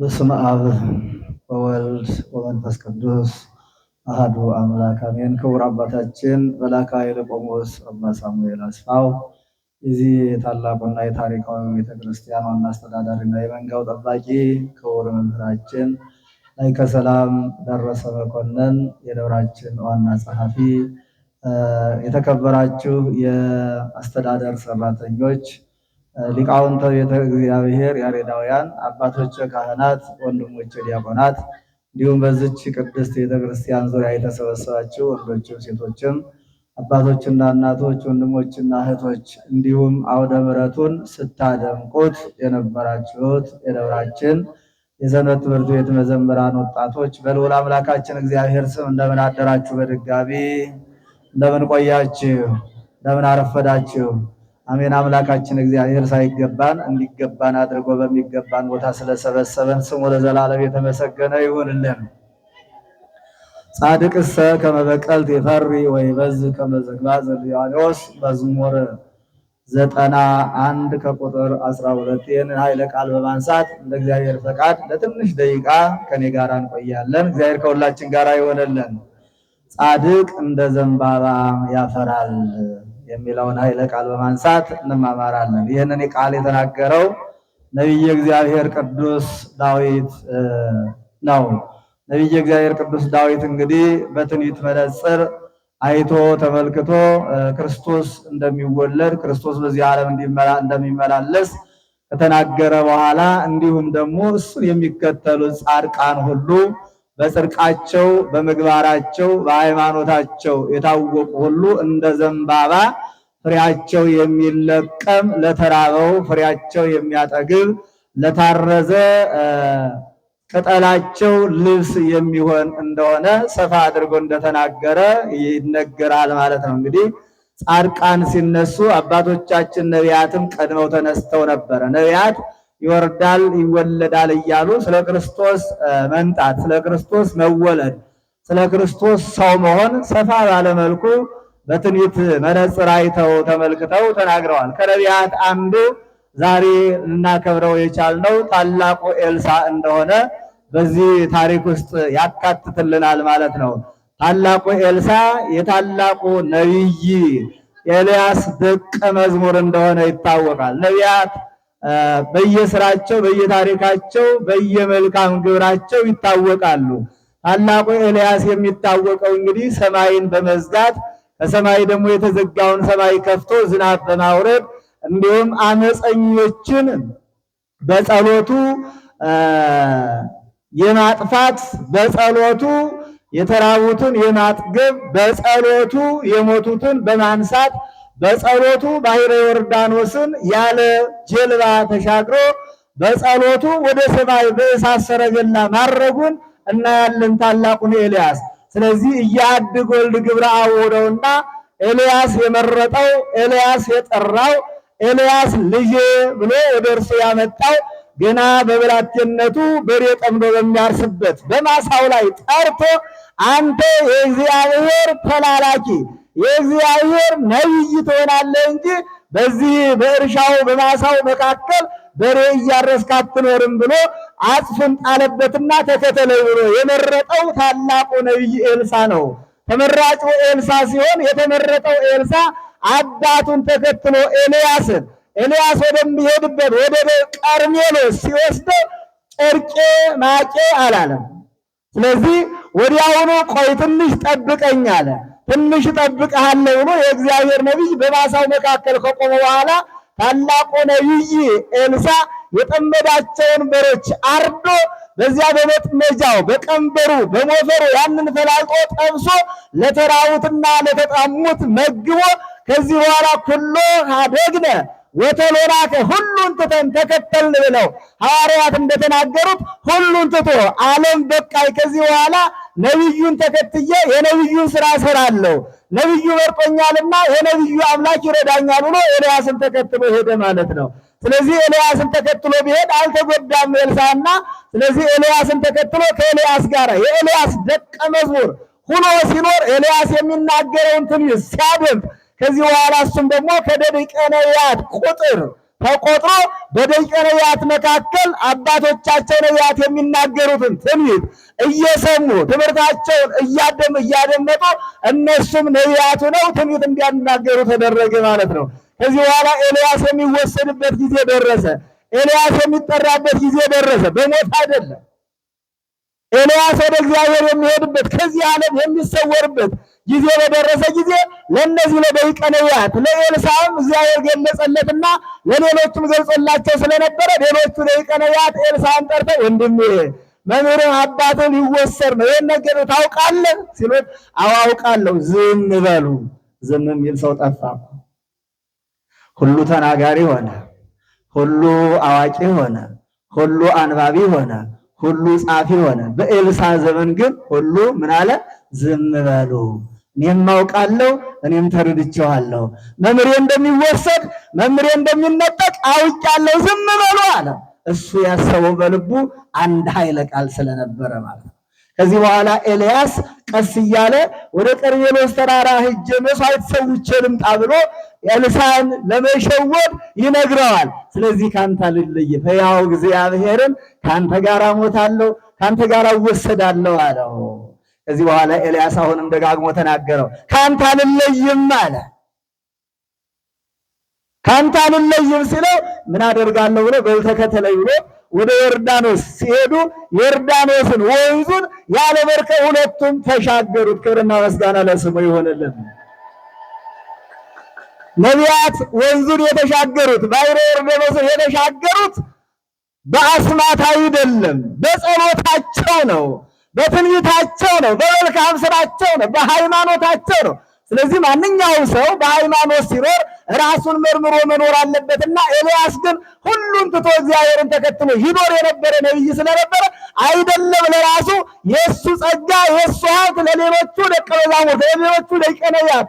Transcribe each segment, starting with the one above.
በስመ አብ በወልድ ወመንፈስ ቅዱስ አህዱ አምላክ አሜን። ክቡር አባታችን በላካ የለቆሞስ አባ ሳሙኤል አስፋው የዚህ የታላቁና የታሪካዊ ቤተክርስቲያን ዋና አስተዳዳሪና የመንጋው ጠባቂ ክቡር መምህራችን ላይ ከሰላም ደረሰ መኮንን የደብራችን ዋና ጸሐፊ፣ የተከበራችሁ የአስተዳደር ሰራተኞች ሊቃውንተ ቤተ እግዚአብሔር ያሬዳውያን አባቶች ካህናት፣ ወንድሞች ዲያቆናት እንዲሁም በዚች ቅድስት ቤተክርስቲያን ዙሪያ የተሰበሰባችሁ ወንዶችም ሴቶችም አባቶችና እናቶች ወንድሞችና እህቶች እንዲሁም አውደ ምረቱን ስታደምቁት የነበራችሁት የደብራችን የሰንበት ትምህርት ቤት መዘምራን ወጣቶች በልዑል አምላካችን እግዚአብሔር ስም እንደምን አደራችሁ? በድጋሚ እንደምን ቆያችሁ? እንደምን አረፈዳችሁ? አሜን። አምላካችን እግዚአብሔር ሳይገባን እንዲገባን አድርጎ በሚገባን ቦታ ስለሰበሰበን ስሙ ለዘላለም የተመሰገነ ይሁንልን። ሰ ከመበቀልት የፈሪ ወይ በዝ ከመዘግባ ዘልያኖስ መዝሙር ዘጠና አንድ ከቁጥር 12 ሁለት ይህንን ኃይለ ቃል በማንሳት እንደ እግዚአብሔር ፈቃድ ለትንሽ ደቂቃ ከኔ ጋር እንቆያለን። እግዚአብሔር ከሁላችን ጋር ይሆንልን። ጻድቅ እንደ ዘንባባ ያፈራል የሚለውን ኃይለ ቃል በማንሳት እንማማራለን። ይህንን ቃል የተናገረው ነቢየ እግዚአብሔር ቅዱስ ዳዊት ነው። ነቢየ እግዚአብሔር ቅዱስ ዳዊት እንግዲህ በትንቢት መነጽር አይቶ ተመልክቶ ክርስቶስ እንደሚወለድ ክርስቶስ በዚህ ዓለም እንደሚመላለስ ከተናገረ በኋላ እንዲሁም ደግሞ እሱን የሚከተሉ ጻድቃን ሁሉ በጽድቃቸው በምግባራቸው በሃይማኖታቸው የታወቁ ሁሉ እንደ ዘንባባ ፍሬያቸው የሚለቀም ለተራበው ፍሬያቸው የሚያጠግብ ለታረዘ ቅጠላቸው ልብስ የሚሆን እንደሆነ ሰፋ አድርጎ እንደተናገረ ይነገራል ማለት ነው። እንግዲህ ጻድቃን ሲነሱ አባቶቻችን ነቢያትም ቀድመው ተነስተው ነበረ። ነቢያት ይወርዳል ይወለዳል እያሉ ስለ ክርስቶስ መምጣት፣ ስለ ክርስቶስ መወለድ፣ ስለ ክርስቶስ ሰው መሆን ሰፋ ባለመልኩ መልኩ በትንቢት መነጽር አይተው ተመልክተው ተናግረዋል። ከነቢያት አንዱ ዛሬ እናከብረው የቻልነው ታላቁ ኤልሳ እንደሆነ በዚህ ታሪክ ውስጥ ያካትትልናል ማለት ነው። ታላቁ ኤልሳ የታላቁ ነቢይ ኤልያስ ደቀ መዝሙር እንደሆነ ይታወቃል። ነቢያት በየስራቸው በየታሪካቸው በየመልካም ግብራቸው ይታወቃሉ። ታላቁ ኤልያስ የሚታወቀው እንግዲህ ሰማይን በመዝጋት ከሰማይ ደግሞ የተዘጋውን ሰማይ ከፍቶ ዝናብ በማውረድ እንዲሁም አመፀኞችን በጸሎቱ የማጥፋት በጸሎቱ የተራቡትን የማጥገብ በጸሎቱ የሞቱትን በማንሳት በጸሎቱ ባሕረ ዮርዳኖስን ያለ ጀልባ ተሻግሮ በጸሎቱ ወደ ሰማይ በእሳት ሰረገላ ማረጉን እናያለን ታላቁን ኤልያስ። ስለዚህ እያድግ ወልድ ግብረ አውደውና ኤልያስ የመረጠው ኤልያስ የጠራው ኤልያስ ልጄ ብሎ ወደ እርሱ ያመጣው ገና በብላቴነቱ በሬ ጠምዶ በሚያርስበት በማሳው ላይ ጠርቶ አንተ የእግዚአብሔር ተላላኪ የእግዚአብሔር ነቢይ ትሆናለህ እንጂ በዚህ በእርሻው በማሳው መካከል በሬ እያረስክ አትኖርም ብሎ አጽፉን ጣለበትና ተከተለ ብሎ የመረጠው ታላቁ ነቢይ ኤልሳ ነው። ተመራጩ ኤልሳ ሲሆን የተመረጠው ኤልሳ አባቱን ተከትሎ ኤልያስን ኤልያስ ወደሚሄድበት ወደ ቀርሜሎስ ሲወስደ ጨርቄ ማቄ አላለም። ስለዚህ ወዲያውኑ ቆይ ትንሽ ጠብቀኝ አለ። ትንሽ እጠብቅሃለሁ ብሎ የእግዚአብሔር ነቢይ በማሳው መካከል ከቆመ በኋላ ታላቁ ነቢይ ኤልሳ የጠመዳቸውን በሮች አርዶ በዚያ በመጥመጃው በቀንበሩ በሞፈሩ ያንን ፈላልጦ ጠብሶ ለተራቡትና ለተጣሙት መግቦ ከዚህ በኋላ ኩሎ ሀደግነ ወተሎናከ ሁሉን ትተን ተከተልን ብለው ሐዋርያት እንደተናገሩት ሁሉን ትቶ ዓለም በቃይ ከዚህ በኋላ ነቢዩን ተከትዬ የነቢዩን ስራ እሰራለሁ፣ ነቢዩ መርጦኛልና የነቢዩ አምላክ ይረዳኛል ብሎ ኤልያስን ተከትሎ ሄደ ማለት ነው። ስለዚህ ኤልያስን ተከትሎ ቢሄድ አልተጎዳም ኤልሳና። ስለዚህ ኤልያስን ተከትሎ ከኤልያስ ጋር የኤልያስ ደቀ መዝሙር ሁኖ ሲኖር ኤልያስ የሚናገረውን ትንቢት ሲያደምጥ ከዚህ በኋላ እሱም ደግሞ ከደቂቀ ነቢያት ቁጥር ተቆጥሮ በደቂቀ ነቢያት መካከል አባቶቻቸው ነቢያት የሚናገሩትን ትንቢት እየሰሙ ትምህርታቸውን እያደም እያደመጡ እነሱም ነቢያቱ ነው ትንቢት እንዲያናገሩ ተደረገ ማለት ነው። ከዚህ በኋላ ኤልያስ የሚወሰድበት ጊዜ ደረሰ። ኤልያስ የሚጠራበት ጊዜ ደረሰ። በሞት አይደለም። ኤልያስ ወደ እግዚአብሔር የሚሄድበት ከዚህ ዓለም የሚሰወርበት ጊዜ በደረሰ ጊዜ ለእነዚህ ለደቂቀ ነቢያት ለኤልሳዕም እግዚአብሔር ገለጸለትና ለሌሎቹም ገልጾላቸው ስለነበረ ሌሎቹ ደቂቀ ኤልሳም ኤልሳዕን ጠርተው ወንድሜ መምህርን አባትን ሊወሰድ ነው፣ ይህን ነገር ታውቃለህ ሲሉት አዋውቃለሁ ዝም በሉ። ዝም የሚል ሰው ጠፋ። ሁሉ ተናጋሪ ሆነ፣ ሁሉ አዋቂ ሆነ፣ ሁሉ አንባቢ ሆነ፣ ሁሉ ጻፊ ሆነ። በኤልሳ ዘመን ግን ሁሉ ምን አለ? ዝም በሉ። እኔም አውቃለሁ፣ እኔም ተረድቼዋለሁ። መምሬ እንደሚወሰድ መምሬ እንደሚነጠቅ አውቃለሁ፣ ዝም በሉ አለ። እሱ ያሰበው በልቡ አንድ ኃይለ ቃል ስለነበረ ማለት ነው። ከዚህ በኋላ ኤልያስ ቀስ እያለ ወደ ቀርሜሎስ ተራራ ሂጄ መስዋዕት ሰውቼ ልምጣ ብሎ ኤልሳዕን ለመሸወድ ይነግረዋል። ስለዚህ ካንተ አልለይም፣ ሕያው እግዚአብሔርን ካንተ ጋር እሞታለሁ፣ ካንተ ጋር እወሰዳለሁ አለው። ከዚህ በኋላ ኤልያስ አሁንም ደጋግሞ ተናገረው። ከአንተ አልለይም አለ። ከአንተ አልለይም ሲለው ምን አደርጋለሁ ብሎ በል ተከተለኝ ብሎ ወደ ዮርዳኖስ ሲሄዱ ዮርዳኖስን ወንዙን ያለ መርከብ ሁለቱም ተሻገሩት። ክብርና መስጋና ለስሙ ይሆንልን። ነቢያት ወንዙን የተሻገሩት ባይረ ዮርዳኖስን የተሻገሩት በአስማት አይደለም፣ በጸሎታቸው ነው። በትንቢታቸው ነው፣ በመልካም ስራቸው ነው፣ በሃይማኖታቸው ነው። ስለዚህ ማንኛውም ሰው በሃይማኖት ሲኖር ራሱን መርምሮ መኖር አለበትና ኤልያስ ግን ሁሉን ትቶ እግዚአብሔርን ተከትሎ ይኖር የነበረ ነቢይ ስለነበረ አይደለም ለራሱ የእሱ ጸጋ የእሱ ሀብት ለሌሎቹ ደቀ መዛሙርት፣ ለሌሎቹ ደቂቀ ነቢያት፣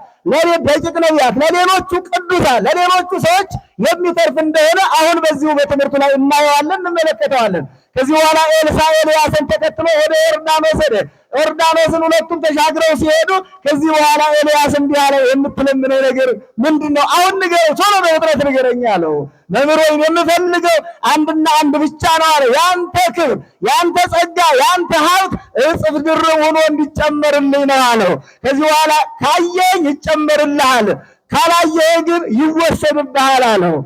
ደቂቅ ነቢያት፣ ለሌሎቹ ቅዱሳን፣ ለሌሎቹ ሰዎች የሚተርፍ እንደሆነ አሁን በዚሁ በትምህርቱ ላይ እናየዋለን፣ እንመለከተዋለን። ከዚህ በኋላ ኤልሳ ኤልያስን ተከትሎ ወደ ዮርዳኖስ ሄደ። ዮርዳኖስን ሁለቱም ተሻግረው ሲሄዱ ከዚህ በኋላ ኤልያስ እንዲህ አለ፣ የምትለምነው ነገር ምንድን ነው? አሁን ንገረው፣ ቶሎ በፍጥነት ንገረኝ አለው። መምህር ሆይ የምፈልገው አንድና አንድ ብቻ ነው አለ። ያንተ ክብር፣ ያንተ ጸጋ፣ ያንተ ሀብት እጽፍ ድርብ ሆኖ እንዲጨመርልኝ ነው አለው። ከዚህ በኋላ ካየኝ ይጨመርልሃል፣ ካላየህ ግን ይወሰድብሃል አለው።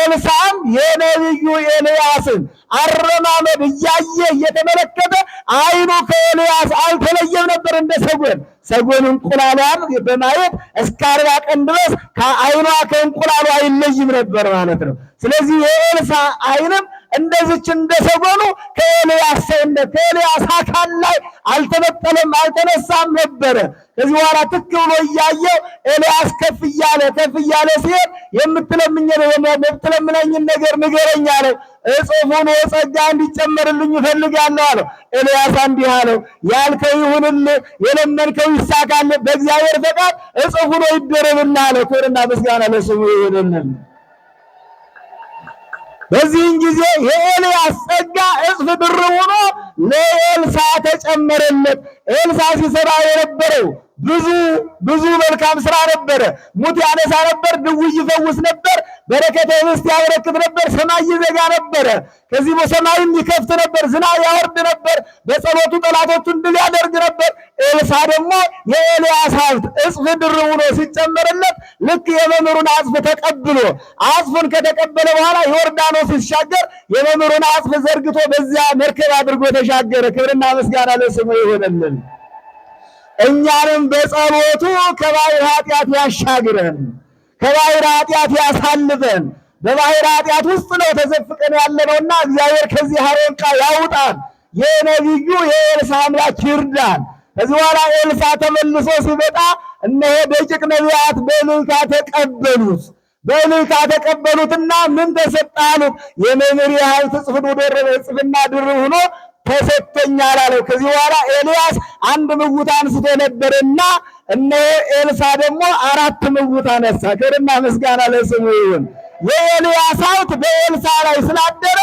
ኤልሳም የነቢዩ ኤልያስን አረማመድ እያየ እየተመለከተ አይኑ ከኤልያስ አልተለየም ነበር። እንደ ሰጎን ሰጎን እንቁላሏን በማየት እስከ አርባ ቀን ድረስ ከአይኗ ከእንቁላሏ አይለይም ነበር ማለት ነው። ስለዚህ የኤልሳ አይንም እንደዚች እንደ ሰጎኑ ከኤልያስ ሰውነት ከኤልያስ አካል ላይ አልተነጠለም አልተነሳም ነበረ። ከዚህ በኋላ ትክ ብሎ እያየው ኤልያስ ከፍ እያለ ከፍ እያለ ሲሄድ የምትለምኝ የምትለምነኝን ነገር ንገረኝ አለው። እጽፉን የጸጋ እንዲጨመርልኝ እፈልጋለሁ አለው። ኤልያስ እንዲህ አለው፣ ያልከው ይሁንል፣ የለመንከው ይሳካል፣ በእግዚአብሔር ፈቃድ እጽፉን ይደረብና አለ። ክብርና ምስጋና ለስሙ ይሁንልን። በዚህን ጊዜ የኤልያስ ጸጋ እጽፍ ብር ሆኖ ለኤልሳ ተጨመረለት። ኤልሳ ሲሰራ የነበረው ብዙ ብዙ መልካም ስራ ነበረ። ሙት ያነሳ ነበር፣ ድውይ ይፈውስ ነበር፣ በረከተ ኅብስት ያበረክት ነበር። ሰማይ ይዘጋ ነበረ፣ ከዚህ በሰማይም ይከፍት ነበር። ዝናብ ያወርድ ነበር። በጸሎቱ ጠላቶቹን ድል ያደርግ ነበር። ኤልሳ ደግሞ የኤልያስ ሀብት እጽፍ ድርብ ሆኖ ሲጨመርለት ልክ የመምህሩን አጽፍ ተቀብሎ አጽፉን ከተቀበለ በኋላ ዮርዳኖስ ሲሻገር የመምህሩን አጽፍ ዘርግቶ በዚያ መርከብ አድርጎ ተሻገረ። ክብርና ምስጋና ለስሙ ይሆነልን። እኛንም በጸሎቱ ከባሕር ኃጢአት ያሻግረን። በባህር ኃጢአት ያሳልፈን። በባህር ኃጢአት ውስጥ ነው ተዘፍቀን ያለነውና እግዚአብሔር ከዚህ አረንቋ ያውጣን። የነቢዩ የኤልሳ አምላክ ይርዳን። ከዚህ በኋላ ኤልሳ ተመልሶ ሲመጣ እነሆ ደቂቅ ነቢያት በእልልታ ተቀበሉት። በእልልታ ተቀበሉትና ምን ተሰጣሉት? የመምህር ያህል ትጽፍን ወደ ጽፍና ድር ሆኖ ተሰጠኝ አላለው። ከዚህ በኋላ ኤልያስ አንድ ምውት አንስቶ ነበርና እነ ኤልሳ ደግሞ አራት ምውት አነሳ። ክብርና ምስጋና ለስሙ ይሁን። የኤልያስ አውት በኤልሳ ላይ ስላደረ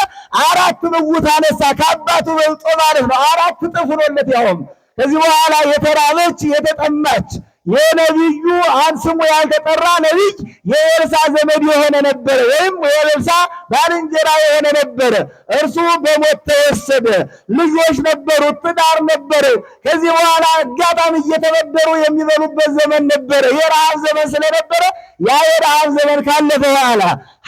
አራት ምውት አነሳ። ከአባቱ በልጦ ማለት ነው። አራት ጥፍሮለት ያውም ከዚህ በኋላ የተራበች የተጠማች የነቢዩ አብ ስሙ ያልተጠራ ነቢይ የኤልሳ ዘመድ የሆነ ነበረ፣ ወይም የኤልሳ ባልንጀራ የሆነ ነበረ። እርሱ በሞት ተወሰደ። ልጆች ነበሩ፣ ትዳር ነበረ። ከዚህ በኋላ አጋጣሚ እየተበደሩ የሚበሉበት ዘመን ነበረ፣ የረሃብ ዘመን ስለነበረ ያ የረሃብ ዘመን ካለፈ በኋላ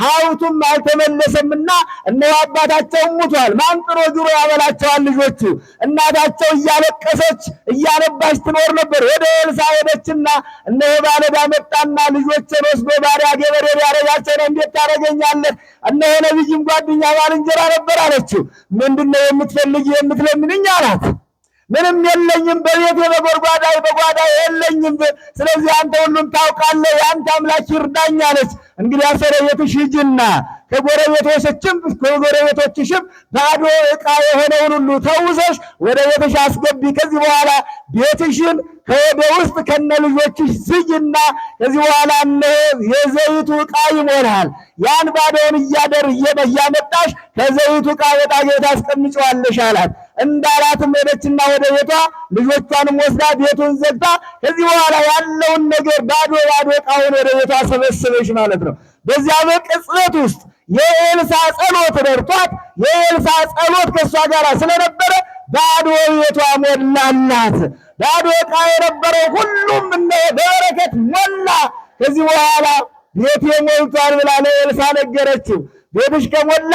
ሀብቱም አልተመለሰምና እነሆ አባታቸው ሙቷል። ማን ጥሮ ግሮ ያበላቸዋል? ልጆቹ። እናታቸው እያለቀሰች እያነባች ትኖር ነበር። ወደ ኤልሳዕ ሄደችና እነሆ ባለዳ መጣና ልጆች ወስዶ ባሪያ ገበሬ ያረጋቸው ነው እንዴት ታደርገኛለህ? እነሆ ነቢይም ጓደኛ ባልንጀራ ነበር አለችው። ምንድን ነው የምትፈልጊ የምትለምንኝ አላት። ምንም የለኝም በቤቴ በጎድጓዳዬ በጓዳ የለኝም። ስለዚህ አንተ ሁሉም ታውቃለህ፣ የአንተ አምላክ ይርዳኝ አለች። እንግዲህ ወደ ቤትሽ ሂጂና ከጎረቤቶችሽም ከጎረቤቶችሽም ባዶ ዕቃ የሆነውን ሁሉ ተውዘሽ ወደ ቤትሽ አስገቢ። ከዚህ በኋላ ቤትሽን ከወደ ውስጥ ከነ ልጆችሽ ዝጊና ከዚህ በኋላ እነ የዘይቱ ዕቃ ይሞልሃል። ያን ባዶውን እያደር እያመጣሽ ከዘይቱ ዕቃ በጣ ጌታ አላት። እንዳላትም ሄደችና ወደ ቤቷ ልጆቿንም ወስዳ ቤቱን ዘግታ፣ ከዚህ በኋላ ያለውን ነገር ባዶ ባዶ ዕቃውን ወደ ቤቷ ሰበሰበች ማለት ነው። በዚያ በቅጽበት ውስጥ የኤልሳ ጸሎት ደርቷት የኤልሳ ጸሎት ከእሷ ጋር ስለነበረ ባዶ ቤቷ ሞላላት። ባዶ ዕቃ የነበረው ሁሉም በበረከት ሞላ። ከዚህ በኋላ ቤቴ ሞልቷል ብላ ለኤልሳ ነገረችው። ቤትሽ ከሞላ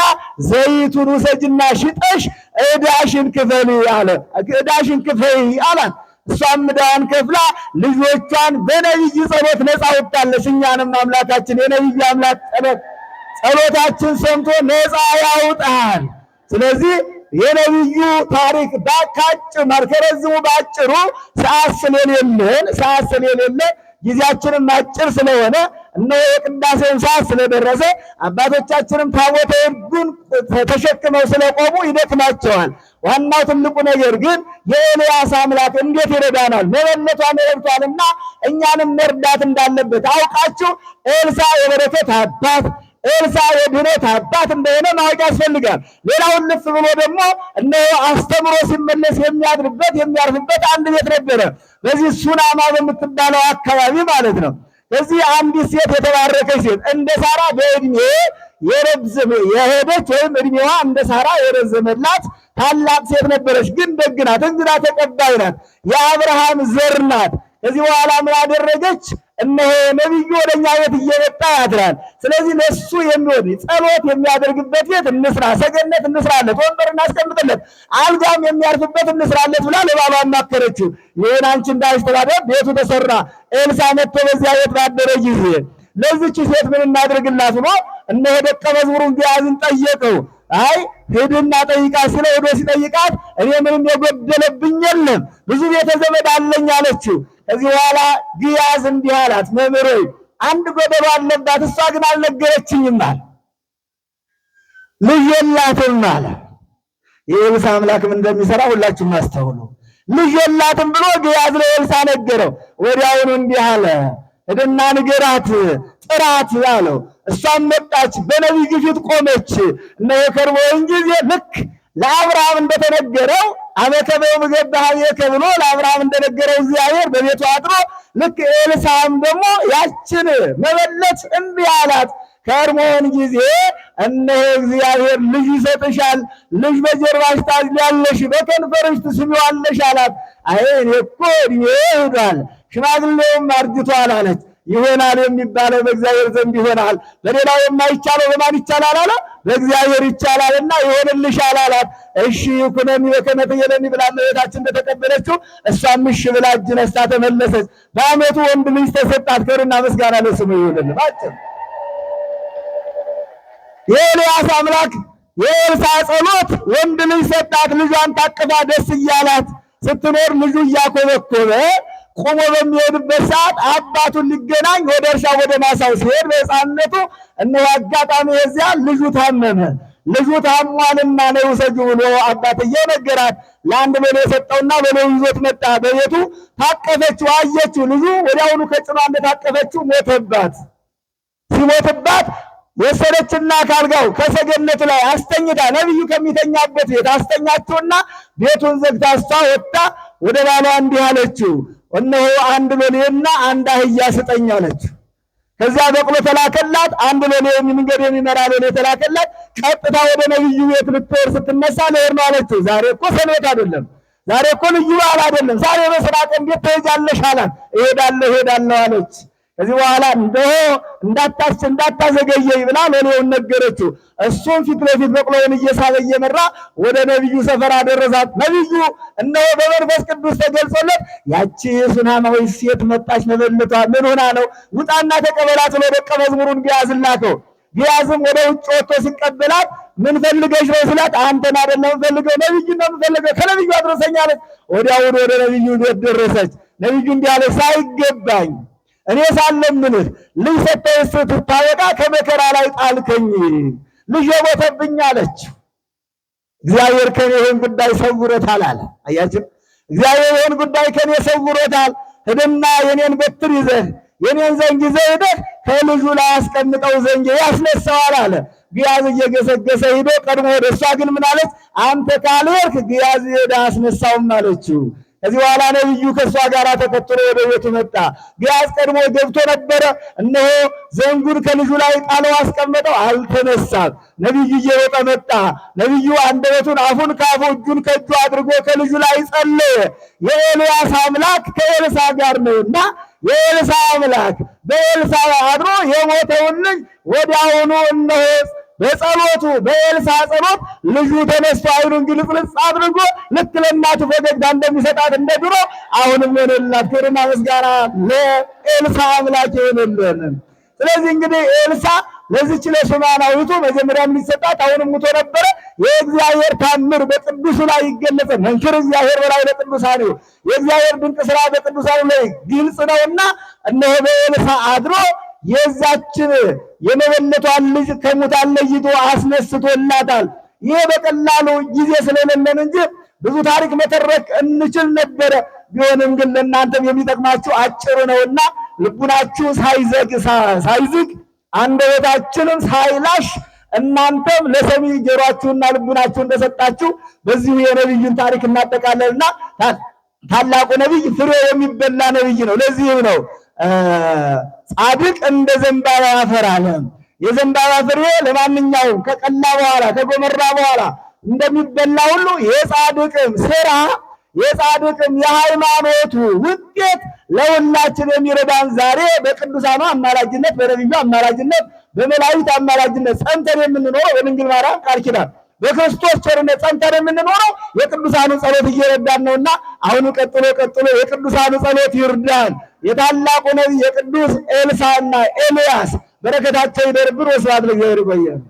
ዘይቱን ውሰጅና ሽጠሽ እዳሽን ክፈል አለ። እዳሽን ክፈይ አላት። እሷም ዕዳዋን ከፍላ ልጆቿን በነቢይ ጸሎት ነፃ ወጣለች። እኛንም አምላካችን የነቢይ አምላክ ጸሎት ጸሎታችን ሰምቶ ነፃ ያውጣል። ስለዚህ የነቢዩ ታሪክ ባካጭ ማርከረዝሙ ባጭሩ ሰዓት ስለሌለን ሰዓት ስለሌለን ጊዜያችንም አጭር ስለሆነ እነሆ የቅዳሴውን ሰዓት ስለደረሰ አባቶቻችንም ታቦተ ሕጉን ተሸክመው ስለቆሙ ይደክማቸዋል። ዋናው ትልቁ ነገር ግን የኤልያስ አምላክ እንዴት ይረዳናል፣ መበለቷን ረድቷልና እኛንም መርዳት እንዳለበት አውቃችሁ ኤልሳ የበረከት አባት ኤልሳዕ የድኅነት አባት እንደሆነ ማወቅ ያስፈልጋል። ሌላውን ልፍ ብሎ ደግሞ እነ አስተምሮ ሲመለስ የሚያድርበት የሚያርፍበት አንድ ቤት ነበረ፣ በዚህ ሱናማ በምትባለው አካባቢ ማለት ነው። በዚህ አንዲት ሴት የተባረከች ሴት እንደ ሳራ በእድሜ የሄደች ወይም እድሜዋ እንደ ሳራ የረዘመላት ታላቅ ሴት ነበረች። ግን ደግ ናት፣ እንግዳ ተቀባይ ናት፣ የአብርሃም ዘር ናት። ከዚህ በኋላ ምን አደረገች? እነሆ ነቢዩ ወደ እኛ ቤት እየመጣ ያድራል። ስለዚህ ለሱ የሚሆን ጸሎት የሚያደርግበት ቤት እንስራ፣ ሰገነት እንስራለት፣ ወንበር እናስቀምጥለት፣ አልጋም የሚያርፍበት እንስራለት ብላ ለባሏ አማከረችው። ይህን አንቺ እንዳልሽ ቤቱ ተሰራ። ኤልሳ መጥቶ በዚያ ቤት ባደረ ጊዜ ለዚች ሴት ምን እናድርግላት ብሎ እነሆ ደቀ መዝሙሩ እንዲያዝን ጠየቀው። አይ ሂድና ጠይቃት ሲለው ሂዶ ሲጠይቃት እኔ ምንም የጎደለብኝ የለም ብዙ ቤተ ዘመድ አለኝ አለችው። እዚህ በኋላ ግያዝ እንዲህ አላት፣ መምህር ሆይ አንድ አለባት፣ እሷ ግን አልነገረችኝም አለ። ልጅ የላትም አለ። የኤልሳ አምላክም እንደሚሰራ ሁላችሁም አስተውሉ። ልጅ የላትም ብሎ ግያዝ ለኤልሳ ነገረው። ወዲያውኑ እንዲህ አለ፣ ሂድና ንገራት ጥራት አለው። እሷም መጣች፣ ፊት ቆመች። ጊዜ ልክ ለአብርሃም እንደተነገረው አመተ ምገባህ ቤተ ብሎ ለአብርሃም እንደነገረው እግዚአብሔር በቤቱ አጥሮ ልክ ኤልሳም ደግሞ ያችን መበለት እምቢ አላት። ከእርሞን ጊዜ እነሆ እግዚአብሔር ልጅ ይሰጥሻል፣ ልጅ በጀርባሽ ታዝያለሽ፣ በከንፈርሽ ትስቢዋለሽ አላት። አይ እኔ እኮ ዕድሜ ሄዷል፣ ሽማግሌውም አርጅቷል አለች። ይሆናል የሚባለው በእግዚአብሔር ዘንድ ይሆናል። ለሌላው የማይቻለው በማን ይቻላል አለ? በእግዚአብሔር ይቻላልና ይሆንልሻል አላት። እሺ ይኩነኒ በከመ ትቤለኒ ብላ እመቤታችን እንደተቀበለችው እሷም እሺ ብላ እጅ ነስታ ተመለሰች። በአመቱ ወንድ ልጅ ተሰጣት። ክብርና ምስጋና ለስሙ ይሁንልን። ባጭር የኤልያስ አምላክ የኤልሳ ጸሎት ወንድ ልጅ ሰጣት። ልጇን ታቅፋ ደስ እያላት ስትኖር ልጁ እያኮበኮበ ቆሞ በሚሄድበት ሰዓት አባቱን ሊገናኝ ወደ እርሻ ወደ ማሳው ሲሄድ በሕፃንነቱ እነሆ አጋጣሚ የዚያ ልጁ ታመመ። ልጁ ታሟልና ነው ውሰጂ ብሎ አባትዬ ነገራት። ለአንድ በሎ የሰጠውና በሎ ይዞት መጣ። በቤቱ ታቀፈችው፣ አየችው። ልጁ ወዲያውኑ ከጭኗ እንደታቀፈችው ሞተባት። ሲሞትባት ወሰደችና ካልጋው ከሰገነቱ ላይ አስተኝታ ነቢዩ ከሚተኛበት ቤት አስተኛችውና ቤቱን ዘግታ እሷ ወጥታ ወደ ባሏ እንዲህ አለችው፣ እነሆ አንድ ሎሌና አንድ አህያ ስጠኝ አለችው። ከዚያ በቅሎ ተላከላት። አንድ ሎሌ የሚንገድ የሚመራ ሎሌ ተላከላት። ቀጥታ ወደ ነቢዩ ቤት ልትወር ስትነሳ ልሄድ ነው አለችው። ዛሬ እኮ ሰንበት አይደለም፣ ዛሬ እኮ ልዩ በዓል አይደለም፣ ዛሬ በስራ ቀን እንዴት ትሄጃለሽ አላት። እሄዳለሁ እሄዳለሁ አለች። ከዚህ በኋላ እንደሆ እንዳታስ እንዳታዘገየኝ ብላ ሎሌውን ነገረችው። እሱም ፊት ለፊት በቅሎውን እየሳበ እየመራ ወደ ነቢዩ ሰፈር አደረሳት። ነቢዩ እነሆ በመንፈስ ቅዱስ ተገልጾለት ያቺ ሱናማዊ ሴት መጣች፣ መበለቷ ምን ሆና ነው? ውጣና ተቀበላት ብሎ ደቀ መዝሙሩን ቢያዝን ቢያዝም ወደ ውጭ ወጥቶ ሲቀበላት ምን ፈልገሽ ነው ስላት፣ አንተን አይደለም ፈልገው ነቢዩ ነው የምፈልገው፣ ከነቢዩ አድረሰኝ አለች። ወዲያውኑ ወደ ነቢዩ ደረሰች። ነቢዩ እንዲህ አለ ሳይገባኝ እኔ ሳለምንህ ልጅ ሰጠኝ ስትል ታወቃ ከመከራ ላይ ጣልከኝ ልጅ የሞተብኝ አለችው። እግዚአብሔር ከኔ ይህን ጉዳይ ሰውሮታል አለ። አያችሁ፣ እግዚአብሔር ይህን ጉዳይ ከኔ ሰውሮታል። ሂድና የኔን በትር ይዘህ የኔን ዘንግ ይዘህ ሂደህ ከልጁ ላይ አስቀምጠው ዘንግ ያስነሳዋል አለ። ግያዝ እየገሰገሰ ሂዶ ቀድሞ ወደ እሷ ግን ምን አንተ ካልሄድክ ግያዝ ሄደ አስነሳውም አለችው። ከዚህ በኋላ ነቢዩ ከእሷ ጋር ተከትሎ ወደ ቤቱ መጣ። ቢያዝ ቀድሞ ገብቶ ነበረ። እነሆ ዘንጉን ከልጁ ላይ ጣለው፣ አስቀመጠው፣ አልተነሳም። ነቢዩ እየሮጠ መጣ። ነቢዩ አንደበቱን አፉን ከአፉ እጁን ከእጁ አድርጎ ከልጁ ላይ ጸለየ። የኤልያስ አምላክ ከኤልሳ ጋር ነውና የኤልሳ አምላክ በኤልሳ አድሮ የሞተውን ልጅ ወዲያውኑ እነሆ በጸሎቱ በኤልሳ ጸሎት ልጁ ተነስቶ አይኑን ግልጽልጽ አድርጎ ልክ ለእናቱ ፈገግታ እንደሚሰጣት እንደ ድሮ አሁንም የሌላት ክብርና ምስጋና ለኤልሳ አምላክ ይሆንልን። ስለዚህ እንግዲህ ኤልሳ ለዚች ለሱማማዊቱ መጀመሪያም ሊሰጣት አሁንም ሙቶ ነበረ። የእግዚአብሔር ታምር በቅዱሱ ላይ ይገለጸ። መንክር እግዚአብሔር በላይ ለቅዱሳን የእግዚአብሔር ድንቅ ስራ በቅዱሳን ላይ ግልጽ ነውና እነሆ በኤልሳ አድሮ የዛችን የመበለቷን ልጅ ከሙታን ለይቶ አስነስቶላታል። ይሄ በቀላሉ ጊዜ ስለሌለን እንጂ ብዙ ታሪክ መተረክ እንችል ነበረ። ቢሆንም ግን ለእናንተም የሚጠቅማችሁ አጭር ነውና ልቡናችሁ ሳይዘግ ሳይዝግ አንደበታችንም ሳይላሽ እናንተም ለሰሚ ጆሯችሁና ልቡናችሁ እንደሰጣችሁ በዚሁ የነቢዩን ታሪክ እናጠቃለልና ታላቁ ነቢይ ፍሬ የሚበላ ነቢይ ነው። ለዚህም ነው ጻድቅ እንደ ዘንባባ አፈር አለ። የዘንባባ ፍሬ ለማንኛውም ከቀላ በኋላ ከጎመራ በኋላ እንደሚበላ ሁሉ የጻድቅም ስራ የጻድቅም የሃይማኖቱ ውጤት ለሁላችን የሚረዳን ዛሬ በቅዱሳኑ አማላጅነት በነቢዩ አማላጅነት በመላእክት አማላጅነት ጸንተን የምንኖረው የድንግል ማርያም ቃል ኪዳን በክርስቶስ ቸርነት ጸንተን የምንኖረው የቅዱሳኑ ጸሎት እየረዳን ነውና፣ አሁን ቀጥሎ ቀጥሎ የቅዱሳኑ ጸሎት ይርዳን። የታላቁ ነቢይ የቅዱስ ኤልሳና ኤልያስ በረከታቸው ይደርብን። ወስብሐት ለእግዚአብሔር ይቆየን።